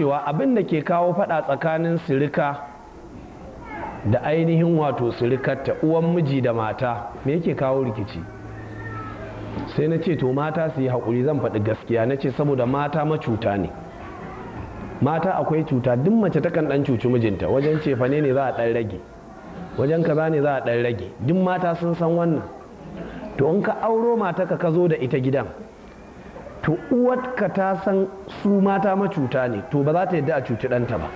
cewa abin da ke kawo fada tsakanin sirika da ainihin wato ta uwan miji da mata me yake kawo rikici sai na ce to mata su yi haƙuri zan faɗi gaskiya na ce saboda mata macuta ne mata akwai cuta duk mace takan ɗan cuci mijinta wajen fa ne za a ɗan rage wajen kaza ne za a ɗan rage duk mata sun san wannan to in ka auro mata ka zo da ita gidan to uwatka ta san su mata macuta ne to ba za ta yadda a cuci ɗanta ba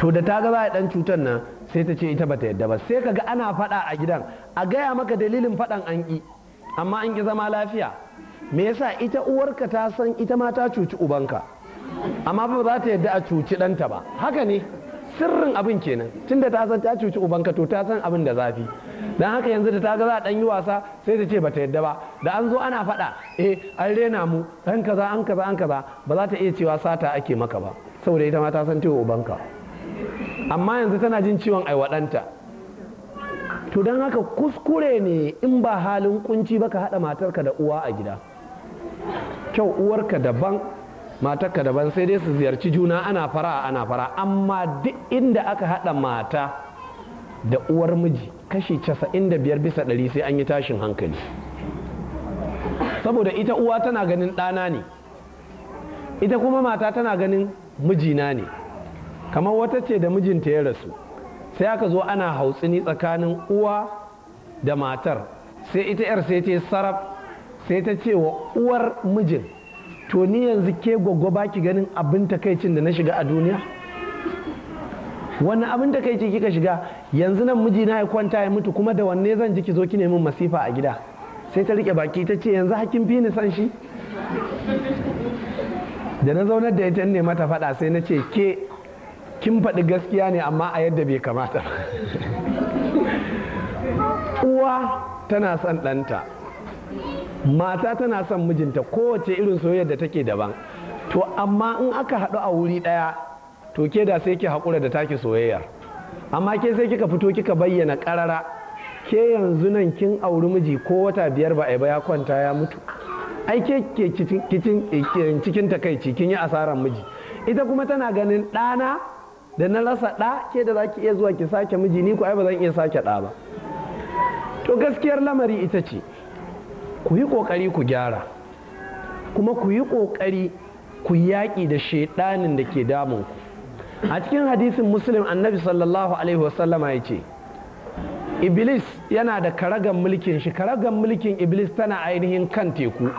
to da ta ga za a ɗan cutar nan sai ta ce ita ba ta yadda ba sai kaga ana faɗa a gidan a gaya maka dalilin faɗan an ƙi amma an ƙi zama lafiya me yasa ita uwarka ta san ita ma ta cuci ubanka amma ba za ta yadda a cuci ɗanta ba haka ne sirrin abin kenan tunda ta san ta cuci ubanka to ta san abin da zafi dan haka yanzu da ta ga za a dan yi wasa sai ta ce ba ta yadda ba da an zo ana faɗa e an rena mu dan kaza an kaza an kaza ba za ta iya cewa sata ake maka ba saboda ita ma ta san cewa ubanka amma yanzu tana jin ciwon aiwaɗanta to don haka kuskure ne in ba halin kunci ba ka haɗa matarka da uwa a gida kyau uwarka daban matarka daban sai dai su ziyarci juna ana fara ana fara amma duk inda aka haɗa mata da uwar miji kashi 95 bisa ɗari sai an yi tashin hankali saboda ita uwa tana ganin ɗana ne ita kuma mata tana ganin mijina ne kamar wata ce da mijinta ya rasu sai aka zo ana hautsini tsakanin uwa da matar sai ita 'yar sai ce sarraf sai ta ce wa uwar mijin to ni yanzu ke gwaggwa baki ganin abin takaicin da na shiga a duniya Wani abin da kai ce kika shiga yanzu nan miji na ya kwanta ya mutu kuma da wanne zan ji ki zo ki nemi masifa a gida sai ta rike baki ta ce yanzu hakin fi ni san shi da na zaunar da ita ne mata faɗa sai na ce ke kin faɗi gaskiya ne amma a yadda bai kamata uwa tana son ɗanta mata tana son mijinta kowace irin soyayya da take daban to amma in aka haɗu a wuri ɗaya to ke da sai ki haƙura da take soyayyar amma ke sai kika fito kika bayyana ƙarara ke yanzu nan kin auri miji ko wata biyar ba a ba ya kwanta ya mutu ai ke eh, cikin takaici kin yi asarar miji ita kuma tana ganin ɗana da na rasa ɗa ke da zaki iya zuwa ki sake miji ni ku ai ba zan iya sake ɗa ba to gaskiyar lamari ita ce ku yi ƙoƙari ku gyara kuma ku yi ƙoƙari ku yaƙi da shaiɗanin da ke damunku a cikin hadisin muslim annabi sallallahu alaihi wasallama ya ce iblis yana da karagan mulkin shi karagan mulkin iblis tana ainihin kan teku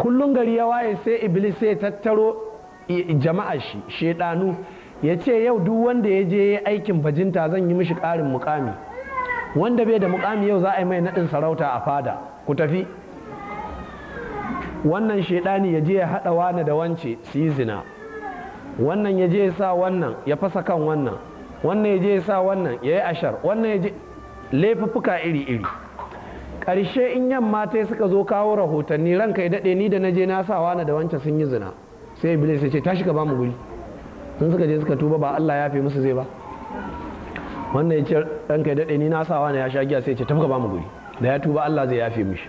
kullum gari ya waye sai iblis sai tattaro jama'a shi shaidanu ya ce yau duk wanda ya je aikin bajinta zan yi mishi karin mukami wanda bai da mukami yau za a yi mai naɗin sarauta a fada ku tafi wannan shaidani ya je ya haɗa wani da wance su yi zina wannan ya je ya sa wannan ya fasa kan wannan wannan ya je ya sa wannan ya yi ashar wannan ya je laifuffuka iri-iri ƙarshe in yamma ta suka zo kawo rahotanni ranka ya daɗe ni da na je na sa wani da wancan sun yi zina sai iblis ya ce tashi ka bamu guri sun suka je suka tuba ba Allah ya fi musu zai ba wannan ya ce ranka ya daɗe ni na sa wani ya sha giya sai ya ce tafi ka bamu guri da ya tuba Allah zai yafe mishi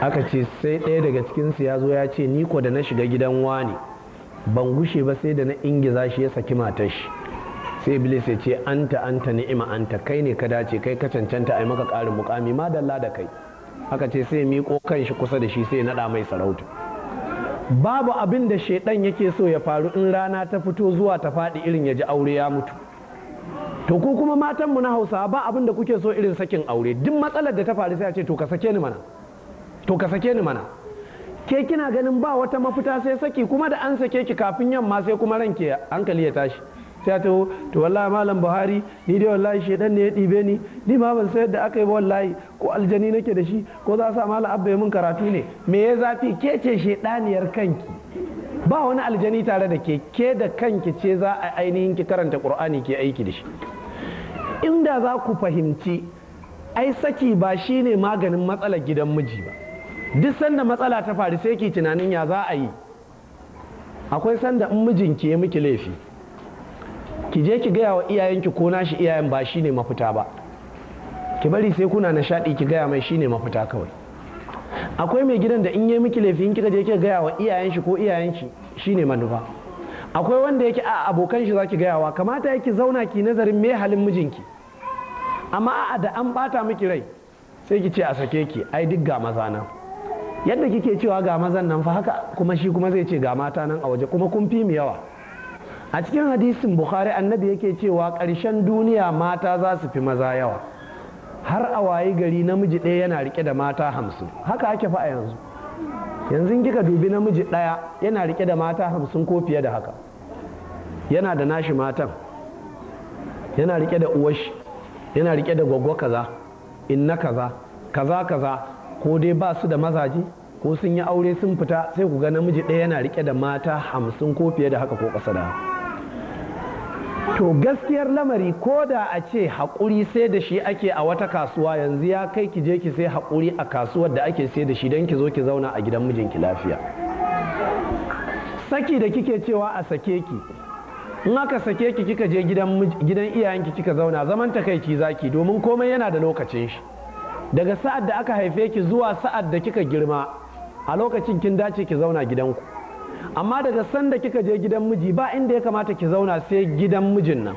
aka ce sai ɗaya daga cikinsu ya zo ya ce ni ko da na shiga gidan wani ban gushe ba sai da na ingiza shi ya saki matar shi sai iblis ya ce anta anta ni'ima anta kai ne ka dace kai ka cancanta ai maka ƙarin mukami madalla da kai aka ce sai miƙo kan shi kusa da shi sai naɗa mai sarauta babu abin da shaidan yake so ya faru in rana ta fito zuwa ta faɗi irin ya ji aure ya mutu to ku kuma matanmu na hausawa ba abin da kuke so irin sakin aure duk matsalar da ta faru sai a ce to ka sake ni mana to ka sake ni mana ke kina ganin ba wata mafita sai saki kuma da an sake ki kafin yamma sai kuma ranke hankali ya tashi sai ta to wallahi malam buhari ni dai wallahi shedan ne ya ɗibe ni ni ma ban sayar da aka yi ba wallahi ko aljani nake da shi ko za sa malam abba min karatu ne me ya zafi ke ce shedaniyar kanki ba wani aljani tare da ke ke da kanki ce za a ainihin ki karanta qur'ani ke aiki da shi inda za ku fahimci ai saki ba shine maganin matsalar gidan miji ba duk sanda matsala ta faru sai ki tunanin ya za a yi akwai sanda in mijinki ya miki laifi ki je ki gaya wa iyayenki ko nashi iyayen ba shi ne mafita ba ki bari sai kuna shaɗi ki gaya mai shi ne mafita kawai akwai mai gidan da in yi miki laifi in kika je ki gaya wa iyayen shi ko iyayen shi ne manufa akwai wanda yake a abokan shi ki gaya wa kamata yake zauna ki nazarin me halin mijinki amma a da an bata miki rai sai ki ce a sake ki ai duk ga maza na yadda kike cewa ga mazan nan fa haka kuma shi kuma zai ce ga mata nan a waje kuma kun fi mu yawa a cikin hadisin bukhari annabi yake cewa ƙarshen duniya mata za su fi maza yawa har a wayi gari namiji ɗaya yana rike da mata hamsin haka ake fa a yanzu yanzu kika dubi namiji ɗaya yana rike da mata hamsin ko fiye da haka yana da nashi matan yana rike da uwashi yana rike da gwaggo kaza inna kaza kaza kaza ko dai ba su da mazaje ko sun yi aure sun fita sai ku ga namiji ɗaya yana rike da mata hamsin ko fiye da haka ko ƙasa da to gaskiyar lamari ko da a ce haƙuri sai da shi ake a wata kasuwa yanzu ya kai ki je ki sai haƙuri a kasuwar da ake sai da shi don ki zo ki zauna a gidan mijinki lafiya saki da kike cewa a sake ki in aka sake ki kika je gidan iyayenki kika zauna zaman takaici zaki domin komai yana da lokacin shi daga sa'ad da aka haife ki zuwa sa'ad da kika girma a lokacin kin dace ki zauna gidanku amma daga sanda kika je gidan miji ba inda ya kamata ki zauna sai gidan mijin nan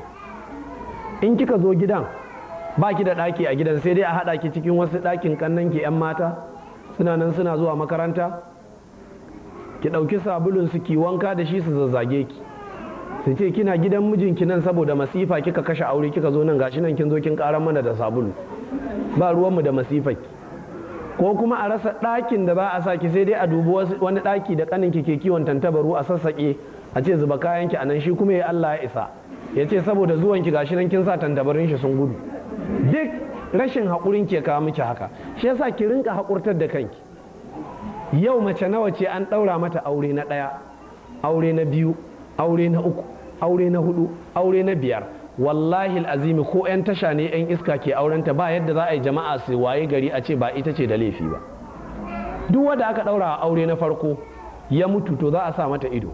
in kika zo gidan ba ki da ɗaki a gidan sai dai a haɗa ki cikin wasu ɗakin kannan ki 'yan mata suna nan suna zuwa makaranta ki ɗauki sabulun su ki wanka da shi su zazzage ki su ce kina gidan mijinki nan saboda masifa kika kashe aure kika zo nan gashi nan kin zo kin ƙaran mana da sabulu ba ruwanmu da masifaki ko kuma a rasa ɗakin da ba a saki sai dai a dubi wani ɗaki da ƙanin ke kiwon tantabaru a sassaƙe a ce zuba kayanki ki nan. shi kuma ya Allah ya isa ya ce saboda zuwan ki gashi nan kin sa tantabarin shi sun gudu duk rashin haƙurin ke kawo miki haka shi yasa ki rinka haƙurtar da kanki yau mace nawa ce an ɗaura mata aure na ɗaya aure na biyu aure na uku aure na hudu aure na biyar wallahi azimi ko 'yan tasha ne 'yan iska ke aurenta ba yadda za a yi jama'a su waye gari a ce ba ita ce da laifi ba duk wanda aka ɗaura a aure na farko ya mutu to za a sa mata ido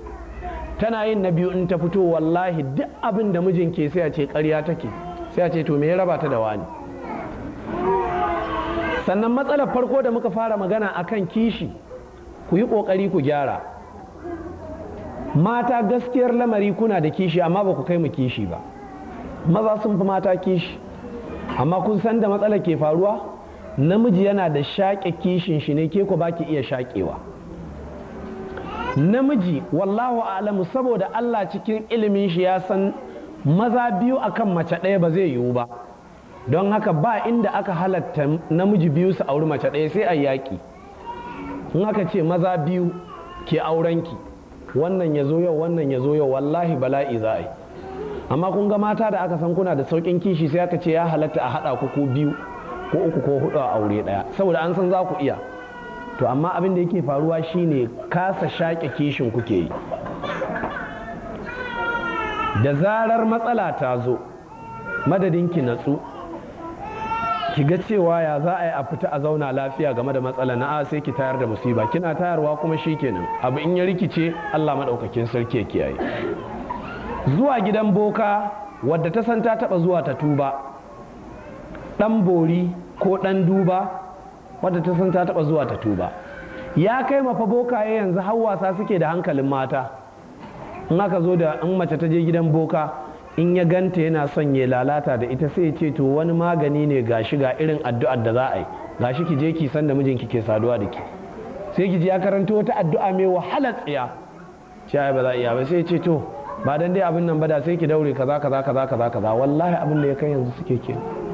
tana yin na biyu in ta fito wallahi duk abin da mijin ke sai a ce ƙarya take sai a ce to me ya raba ta da wani sannan matsalar farko da muka fara magana a kan kishi ku yi ƙoƙari ku gyara mata gaskiyar lamari kuna da kishi amma ba ku kai mu kishi ba maza sun fi mata kishi amma kun san da matsala ke faruwa namiji yana da shaƙe kishin shi ne ke ku ba ki iya shaƙewa namiji wallahu alamu saboda Allah cikin ilimin shi ya san maza biyu akan mace ɗaya ba zai yiwu ba don haka ba inda aka halatta namiji biyu su auri mace ɗaya sai a yaƙi in aka ce maza biyu ke aurenki wannan ya zo yau wannan ya zo yau wallahi bala'i za a yi amma kun ga mata da aka san kuna da saukin kishi sai aka ce ya halatta a haɗa ku ko biyu ko uku ko hudu a aure ɗaya saboda an san za ku iya to amma abin da yake faruwa shine kasa shaƙe kishin kuke yi da zarar matsala ta zo madadin ki natsu ki ga cewa ya za a yi a fita a zauna lafiya game da matsala na a ah, sai ki tayar da musiba kina tayarwa kuma shikenan abu in ya rikice Allah maɗaukakin sarki ya kiyaye zuwa gidan boka wadda ta san ta taba zuwa ta tuba dan bori ko dan duba wadda ta san ta taba zuwa ta tuba ya kai mafa bokaye yanzu har wasa suke da hankalin mata in aka zo da in mace ta je gidan boka in ya ganta yana son ya lalata da ita sai ya ce to wani magani ne gashi ga irin addu'ar da za a yi gashi ki je ki san da mijinki ke saduwa da ke. sai ki ji ya karanto wata addu'a mai wahalar tsiya shi ba za a iya ba sai ya ce to ba dan dai abin nan ba da sai ki daure kaza kaza kaza kaza wallahi abin da ya kai yanzu suke ke.